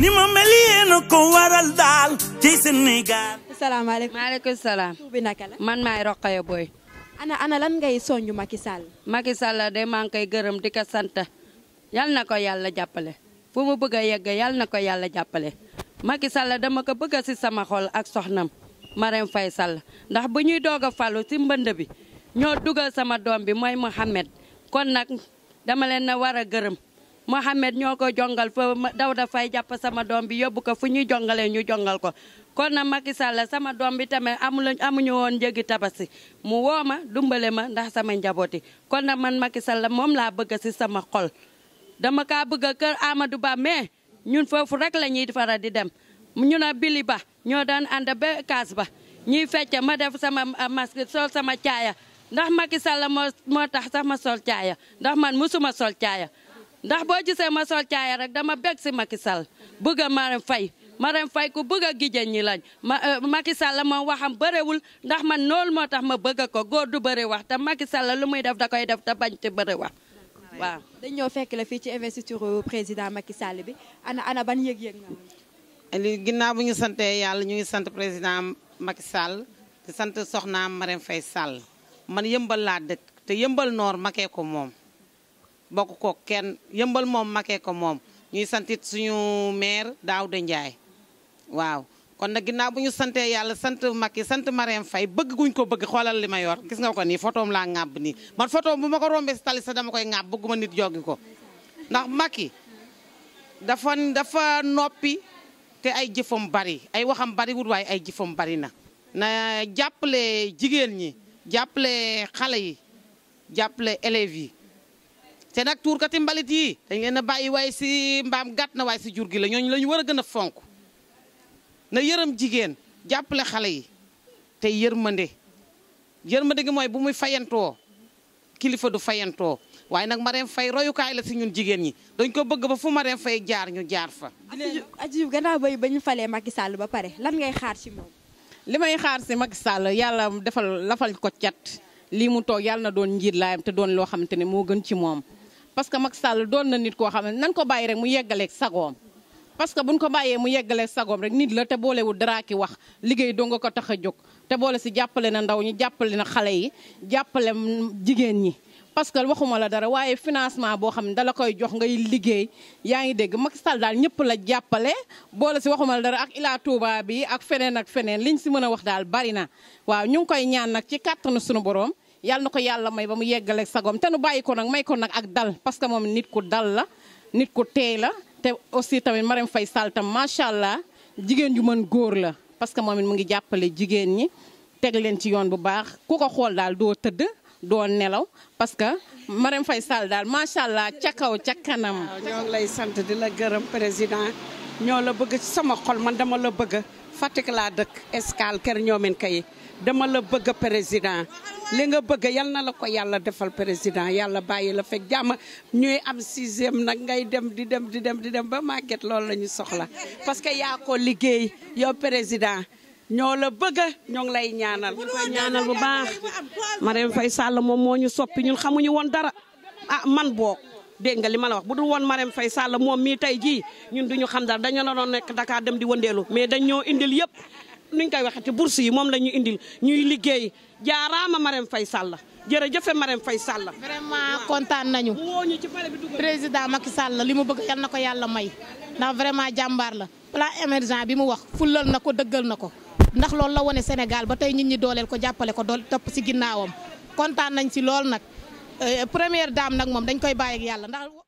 ni ma mel yéen a ko waral daal ci Sénégal. maaleykum salaam. tur naka la man may Roqaya Boy. ana ana lan ngay soññu Macky Sall. Macky Sall de maa ngi koy gërëm di ko sant yal na ko yàlla jàppale fu mu bëgg a yegg yal na ko yàlla jàppale. Macky Sall dama ko bëgg si sama xol ak soxnam Marème fay Sall ndax bu ñuy doog a falu si mbënd bi ñoo dugal sama doom bi mooy Mouhamed kon nag dama leen na war a gërëm. Mohamed ñoko jongal fa Dawda Fay japp sama dom bi yobbu ko fu ñuy ñu jongal ko kon na Macky Sall sama dom bi lañ amu ñu won jëgi tabassi mu woma dumbalé ma ndax sama njaboti kon na man Macky Sall mom la bëgg ci sama xol dama ka bëgg kër Amadou Ba mé ñun fofu rek lañuy fara di dem ñu na Billy Ba ño daan and ba kaas ba ñi ma def sama ah, masque sol sama chaaya ndax Macky Sall mo tax sama sol caaya ndax man musuma sol chaaya ndax boo gisee ma sol caaya rek dama bég si Macky Sall bëgg a Marème Faye Marème Faye ku bëgg a gijéen ñi lañ ma euh, Macky Sall la moom waxam bëriwul ndax man loolu moo tax ma bëgg ko góor du bëri wax te Macky Sall la lu muy def da koy def te bañ te bëri wax waaw. dañ ñëw fekk la fii ci investiture président Macky Sall bi ana ana ban yëg-yëg nga. li ginnaaw bu ñu santee yàlla ñu ngi sant président Macky Sall di sant soxnaam Marème Faye Sall man yëmbal laa dëkk te yëmbal noor makee ko moom. bokk kook kenn yëmbal moom makee ko moom ñuy santit suñu maire de Ndiaye waaw kon nag ginnaaw bu ñu santee yàlla sant Macky sant Marème fay bëgg guñ ko bëgg xoolal li ma yor gis nga ko nii photoom laa ŋàbb nii man photoom bu ma ko rombee si tali dama koy ŋàbb ma nit joggi ko ndax Macky dafa dafa noppi te ay jëfam bari ay waxam bari wut waaye ay jëfam bari na na jàppale jigéen ñi jàppale xale yi jàppale élèves yi té nak tour katim balit yi dañ leen a bàyyi waaye si mbam gat na way si jur gi la ñoo lañu wara gëna fonk na yërëm jigen jappalé xalé yi té yërmande yërmande gi moy bu muy fayanto kilifa du waye nak nag fay royu kay la si ñun jigen ñi dañ ko bëgg ba fu Marème fay jaar ñu jaar fa. ajiw Diouf bay ba falé Macky Sall ba paré lan ngay xaar ci mom limay xaar si Macky Sall yalla defal lafal ko ciat lii mu toog na doon laayam te don lo xamante mo gën ci mom parce que Macky Sall doon na nit koo xam ne nan ko bàyyi rek mu yeggaleeg sagoom parce que buñ ko bàyyee mu yeggaleeg sagoom rek nit la te boolewul dara ki wax liggéey doo nga ko tax a jóg te boole si jàppale na ndaw ñi jàppale na xale yi jàppale jigéen ñi parce que waxuma la dara waaye financement boo xam ne dala koy jox ngay liggéey yaa ngi dégg Macky Sall daal ñëpp la jàppale boole si waxuma la dara ak Ila Touba bi ak feneen ak feneen li liñ si mën a wax daal bari na waaw ñu koy ñaan nag ci kàttanu sunu borom yàlla na ko yàlla may ba mu yeggalee sagoom te nu bàyyi ko nag may ko nag ak dal parce que moom nit ku dal la nit ku teey la te aussi tamit Marème fay Sall tam macha allah jigéen ju mën góor la parce que moom it mu ngi jàppale jigéen ñi teg leen ci yoon bu baax ku ko xool daal doo tëdd doo nelaw parce que Marème Faye Sall daal macha allah ca kaw ca kanam. ñoo ngi lay sant di la gërëm président. ñoo la bëgg ci sama xol man dama la bëgg Fatick laa dëkk Escale kër ñoomen kay dama la bëgg président li nga bëgg yal na la ko yàlla defal président yàlla bàyyi la fekk jàmm ñuy am sixième nag ngay dem di dem di dem di dem ba màgget loolu la ñu soxla parce que yaa ko liggéey yow président ñoo la bëgg ñoo ngi lay ñaanal. ñu koy ñaanal bu baax Marème Faye Sall moom moo ñu soppi ñun xamuñu woon dara ah man boo dégg nga li ma la wax bu dul woon Marème fay Sall moom mii tey jii ñun duñu xam dara dañu la doon nekk Dakar dem di wëndeelu mais dañ indil yëpp nuñ koy waxee te bourse yi moom la ñuy indil ñuy liggéey jaaraama Marème Faye Sall jërëjëf Marème fay Sall. vraiment kontaan nañu. président Macky Sall li mu bëgg yal na ko yàlla may ndax vraiment jàmbaar la plan émergent bi mu wax fulal na ko dëggal na ko ndax loolu la wone Sénégal ba tey nit ñi dooleel ko jàppale ko dool topp si ginnaawam kontaan nañ si lool nag. Euh, première dame nag moom dañ koy bàyyi ak yàlla